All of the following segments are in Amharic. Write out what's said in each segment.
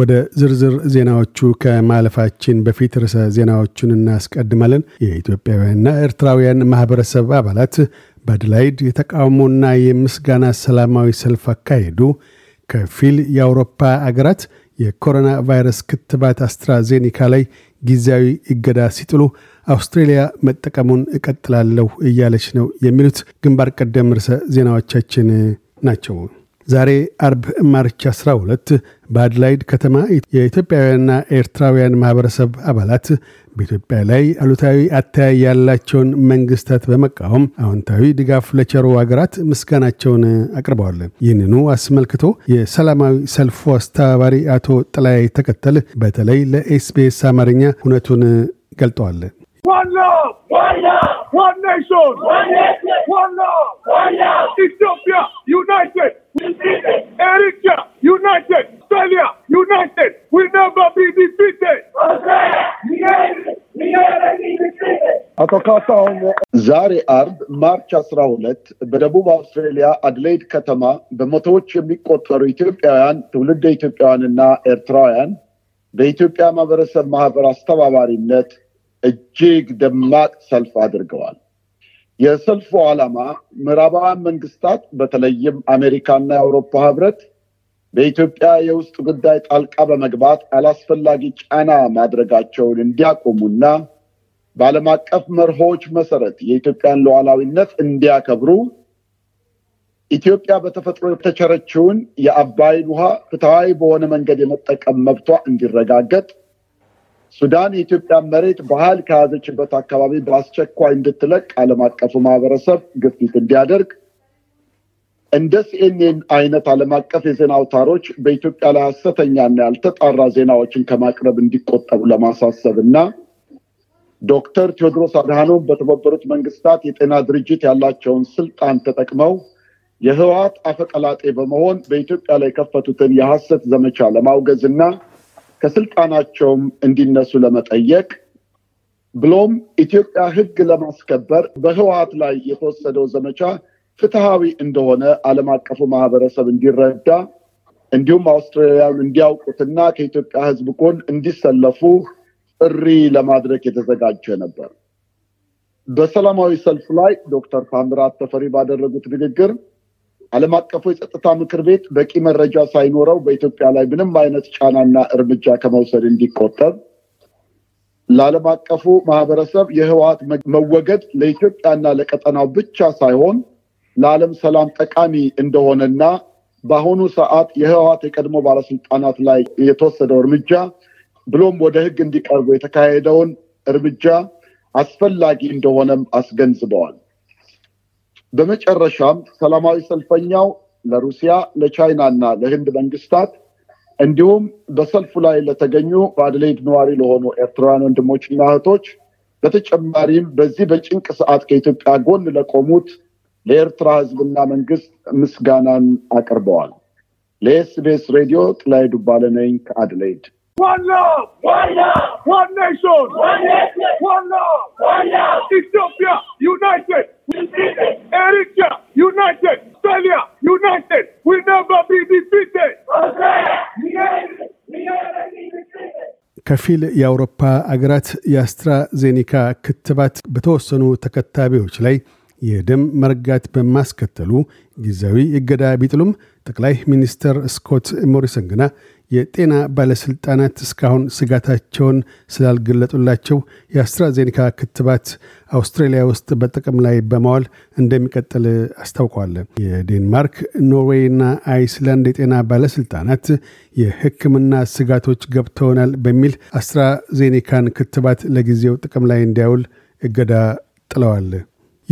ወደ ዝርዝር ዜናዎቹ ከማለፋችን በፊት ርዕሰ ዜናዎቹን እናስቀድማለን። የኢትዮጵያውያንና ኤርትራውያን ማህበረሰብ አባላት በድላይድ የተቃውሞና የምስጋና ሰላማዊ ሰልፍ አካሄዱ። ከፊል የአውሮፓ አገራት የኮሮና ቫይረስ ክትባት አስትራዜኒካ ላይ ጊዜያዊ እገዳ ሲጥሉ አውስትሬልያ መጠቀሙን እቀጥላለሁ እያለች ነው። የሚሉት ግንባር ቀደም ርዕሰ ዜናዎቻችን ናቸው። ዛሬ አርብ ማርች 12 በአድላይድ ከተማ የኢትዮጵያውያንና ኤርትራውያን ማኅበረሰብ አባላት በኢትዮጵያ ላይ አሉታዊ አተያይ ያላቸውን መንግስታት በመቃወም አዎንታዊ ድጋፍ ለቸሩ አገራት ምስጋናቸውን አቅርበዋል። ይህንኑ አስመልክቶ የሰላማዊ ሰልፉ አስተባባሪ አቶ ጥላይ ተከተል በተለይ ለኤስቢኤስ አማርኛ እውነቱን ገልጠዋል። ኢትዮጵያ ዩናይትድ አቶ ካሳሁን ዛሬ አርብ ማርች አስራ ሁለት በደቡብ አውስትሬሊያ አድሌድ ከተማ በመቶዎች የሚቆጠሩ ኢትዮጵያውያን ትውልደ ኢትዮጵያውያንና ኤርትራውያን በኢትዮጵያ ማህበረሰብ ማህበር አስተባባሪነት እጅግ ደማቅ ሰልፍ አድርገዋል። የሰልፉ ዓላማ ምዕራባውያን መንግስታት በተለይም አሜሪካና የአውሮፓ ህብረት በኢትዮጵያ የውስጥ ጉዳይ ጣልቃ በመግባት አላስፈላጊ ጫና ማድረጋቸውን እንዲያቆሙና በዓለም አቀፍ መርሆች መሰረት የኢትዮጵያን ሉዓላዊነት እንዲያከብሩ ኢትዮጵያ በተፈጥሮ የተቸረችውን የአባይን ውሃ ፍትሐዊ በሆነ መንገድ የመጠቀም መብቷ እንዲረጋገጥ፣ ሱዳን የኢትዮጵያን መሬት ባህል ከያዘችበት አካባቢ በአስቸኳይ እንድትለቅ ዓለም አቀፉ ማህበረሰብ ግፊት እንዲያደርግ፣ እንደ ሲኤንኤን አይነት ዓለም አቀፍ የዜና አውታሮች በኢትዮጵያ ላይ ሐሰተኛና ያልተጣራ ዜናዎችን ከማቅረብ እንዲቆጠቡ ለማሳሰብ እና ዶክተር ቴዎድሮስ አድሃኖም በተባበሩት መንግስታት የጤና ድርጅት ያላቸውን ስልጣን ተጠቅመው የህወሀት አፈቀላጤ በመሆን በኢትዮጵያ ላይ የከፈቱትን የሐሰት ዘመቻ ለማውገዝ እና ከስልጣናቸውም እንዲነሱ ለመጠየቅ ብሎም ኢትዮጵያ ህግ ለማስከበር በህወሀት ላይ የተወሰደው ዘመቻ ፍትሃዊ እንደሆነ ዓለም አቀፉ ማህበረሰብ እንዲረዳ እንዲሁም አውስትራሊያን እንዲያውቁትና ከኢትዮጵያ ህዝብ ጎን እንዲሰለፉ ጥሪ ለማድረግ የተዘጋጀ ነበር። በሰላማዊ ሰልፍ ላይ ዶክተር ታምራት ተፈሪ ባደረጉት ንግግር ዓለም አቀፉ የጸጥታ ምክር ቤት በቂ መረጃ ሳይኖረው በኢትዮጵያ ላይ ምንም አይነት ጫናና እርምጃ ከመውሰድ እንዲቆጠብ ለዓለም አቀፉ ማህበረሰብ የህወሀት መወገድ ለኢትዮጵያና ለቀጠናው ብቻ ሳይሆን ለዓለም ሰላም ጠቃሚ እንደሆነና በአሁኑ ሰዓት የህወሀት የቀድሞ ባለስልጣናት ላይ የተወሰደው እርምጃ ብሎም ወደ ህግ እንዲቀርቡ የተካሄደውን እርምጃ አስፈላጊ እንደሆነም አስገንዝበዋል። በመጨረሻም ሰላማዊ ሰልፈኛው ለሩሲያ፣ ለቻይና እና ለህንድ መንግስታት እንዲሁም በሰልፉ ላይ ለተገኙ በአድሌድ ነዋሪ ለሆኑ ኤርትራውያን ወንድሞችና እህቶች በተጨማሪም በዚህ በጭንቅ ሰዓት ከኢትዮጵያ ጎን ለቆሙት ለኤርትራ ህዝብና መንግስት ምስጋናን አቅርበዋል። ለኤስቤስ ሬዲዮ ጥላይ ዱባለ ነኝ ከአድሌድ። One love. One love. One nation. One nation. One love. One love. Ethiopia united. United. Eritrea united. Australia united. We never be defeated. never be defeated. ከፊል የአውሮፓ አገራት የአስትራዜኒካ ክትባት በተወሰኑ ተከታቢዎች ላይ የደም መርጋት በማስከተሉ ጊዜያዊ እገዳ ቢጥሉም ጠቅላይ ሚኒስትር ስኮት ሞሪሰን ግና የጤና ባለሥልጣናት እስካሁን ስጋታቸውን ስላልገለጡላቸው የአስትራዜኒካ ክትባት አውስትራሊያ ውስጥ በጥቅም ላይ በማዋል እንደሚቀጥል አስታውቀዋል። የዴንማርክ፣ ኖርዌይ ና አይስላንድ የጤና ባለሥልጣናት የህክምና ስጋቶች ገብተውናል በሚል አስትራዜኒካን ክትባት ለጊዜው ጥቅም ላይ እንዲያውል እገዳ ጥለዋል።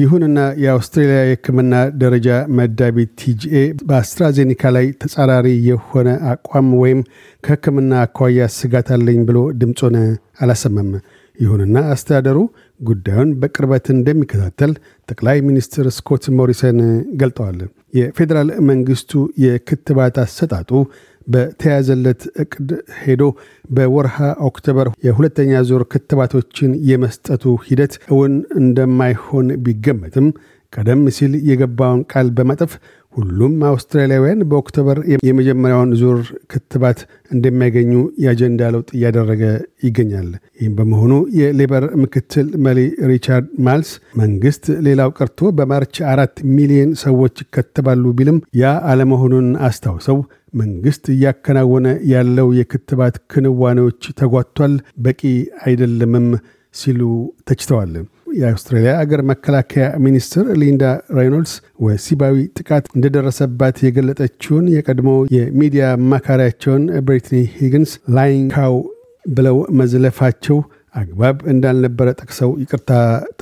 ይሁንና የአውስትሬልያ የህክምና ደረጃ መዳቢ ቲጂኤ በአስትራዜኒካ ላይ ተጻራሪ የሆነ አቋም ወይም ከህክምና አኳያ ስጋት አለኝ ብሎ ድምፁን አላሰማም። ይሁንና አስተዳደሩ ጉዳዩን በቅርበት እንደሚከታተል ጠቅላይ ሚኒስትር ስኮት ሞሪሰን ገልጠዋል። የፌዴራል መንግስቱ የክትባት አሰጣጡ በተያዘለት እቅድ ሄዶ በወርሃ ኦክቶበር የሁለተኛ ዙር ክትባቶችን የመስጠቱ ሂደት እውን እንደማይሆን ቢገመትም ቀደም ሲል የገባውን ቃል በማጠፍ ሁሉም አውስትራሊያውያን በኦክቶበር የመጀመሪያውን ዙር ክትባት እንደሚያገኙ የአጀንዳ ለውጥ እያደረገ ይገኛል። ይህም በመሆኑ የሌበር ምክትል መሪ ሪቻርድ ማልስ መንግስት ሌላው ቀርቶ በማርች አራት ሚሊዮን ሰዎች ይከተባሉ ቢልም ያ አለመሆኑን አስታውሰው መንግስት እያከናወነ ያለው የክትባት ክንዋኔዎች ተጓቷል፣ በቂ አይደለምም ሲሉ ተችተዋል። የአውስትራሊያ አገር መከላከያ ሚኒስትር ሊንዳ ራይኖልድስ ወሲባዊ ጥቃት እንደደረሰባት የገለጠችውን የቀድሞ የሚዲያ አማካሪያቸውን ብሪትኒ ሂግንስ ላይን ካው ብለው መዝለፋቸው አግባብ እንዳልነበረ ጠቅሰው ይቅርታ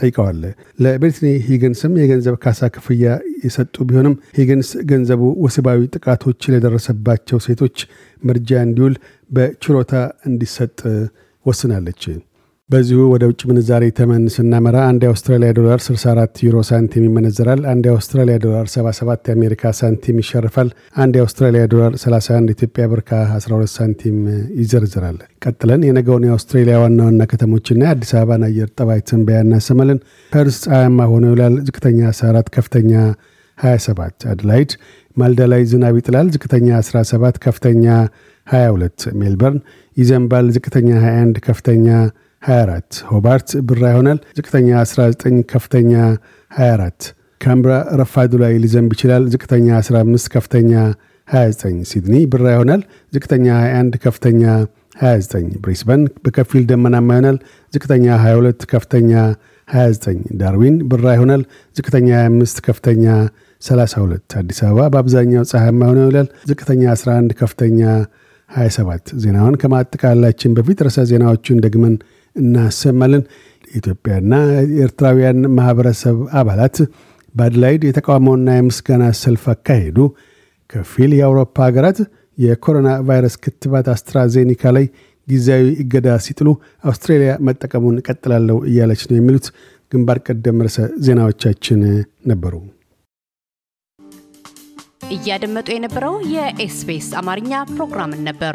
ጠይቀዋል። ለብሪትኒ ሂግንስም የገንዘብ ካሳ ክፍያ የሰጡ ቢሆንም ሂግንስ ገንዘቡ ወሲባዊ ጥቃቶች ለደረሰባቸው ሴቶች ምርጃ እንዲውል በችሮታ እንዲሰጥ ወስናለች። በዚሁ ወደ ውጭ ምንዛሬ ተመን ስናመራ አንድ የአውስትራሊያ ዶላር 64 ዩሮ ሳንቲም ይመነዘራል። አንድ የአውስትራሊያ ዶላር 77 የአሜሪካ ሳንቲም ይሸርፋል። አንድ የአውስትራሊያ ዶላር 31 ኢትዮጵያ ብር ከ12 ሳንቲም ይዘርዝራል። ቀጥለን የነገውን የአውስትሬሊያ ዋና ዋና ከተሞችና የአዲስ አበባን አየር ጠባይ ትንበያ እናሰማለን። ፐርስ ፀሐያማ ሆኖ ይውላል። ዝቅተኛ 14፣ ከፍተኛ 27። አድላይድ ማልዳ ላይ ዝናብ ይጥላል። ዝቅተኛ 17፣ ከፍተኛ 22። ሜልበርን ይዘንባል። ዝቅተኛ 21፣ ከፍተኛ 24 ሆባርት ብራ ይሆናል። ዝቅተኛ 19 ከፍተኛ 24 ካምብራ ረፋዱ ላይ ሊዘንብ ይችላል። ዝቅተኛ 15 ከፍተኛ 29 ሲድኒ ብራ ይሆናል። ዝቅተኛ 21 ከፍተኛ 29 ብሪስበን በከፊል ደመናማ ይሆናል። ዝቅተኛ 22 ከፍተኛ 29 ዳርዊን ብራ ይሆናል። ዝቅተኛ 25 ከፍተኛ 32 አዲስ አበባ በአብዛኛው ፀሐማ ሆነ ይላል። ዝቅተኛ 11 ከፍተኛ 27 ዜናውን ከማጠቃላችን በፊት ርዕሰ ዜናዎቹን ደግመን እናሰማለን። ኢትዮጵያና ኤርትራውያን ማህበረሰብ አባላት በአድላይድ የተቃውሞና የምስጋና ሰልፍ አካሄዱ። ከፊል የአውሮፓ ሀገራት የኮሮና ቫይረስ ክትባት አስትራዜኒካ ላይ ጊዜያዊ እገዳ ሲጥሉ አውስትራሊያ መጠቀሙን እቀጥላለሁ እያለች ነው የሚሉት ግንባር ቀደም ርዕሰ ዜናዎቻችን ነበሩ። እያደመጡ የነበረው የኤስቢኤስ አማርኛ ፕሮግራምን ነበር።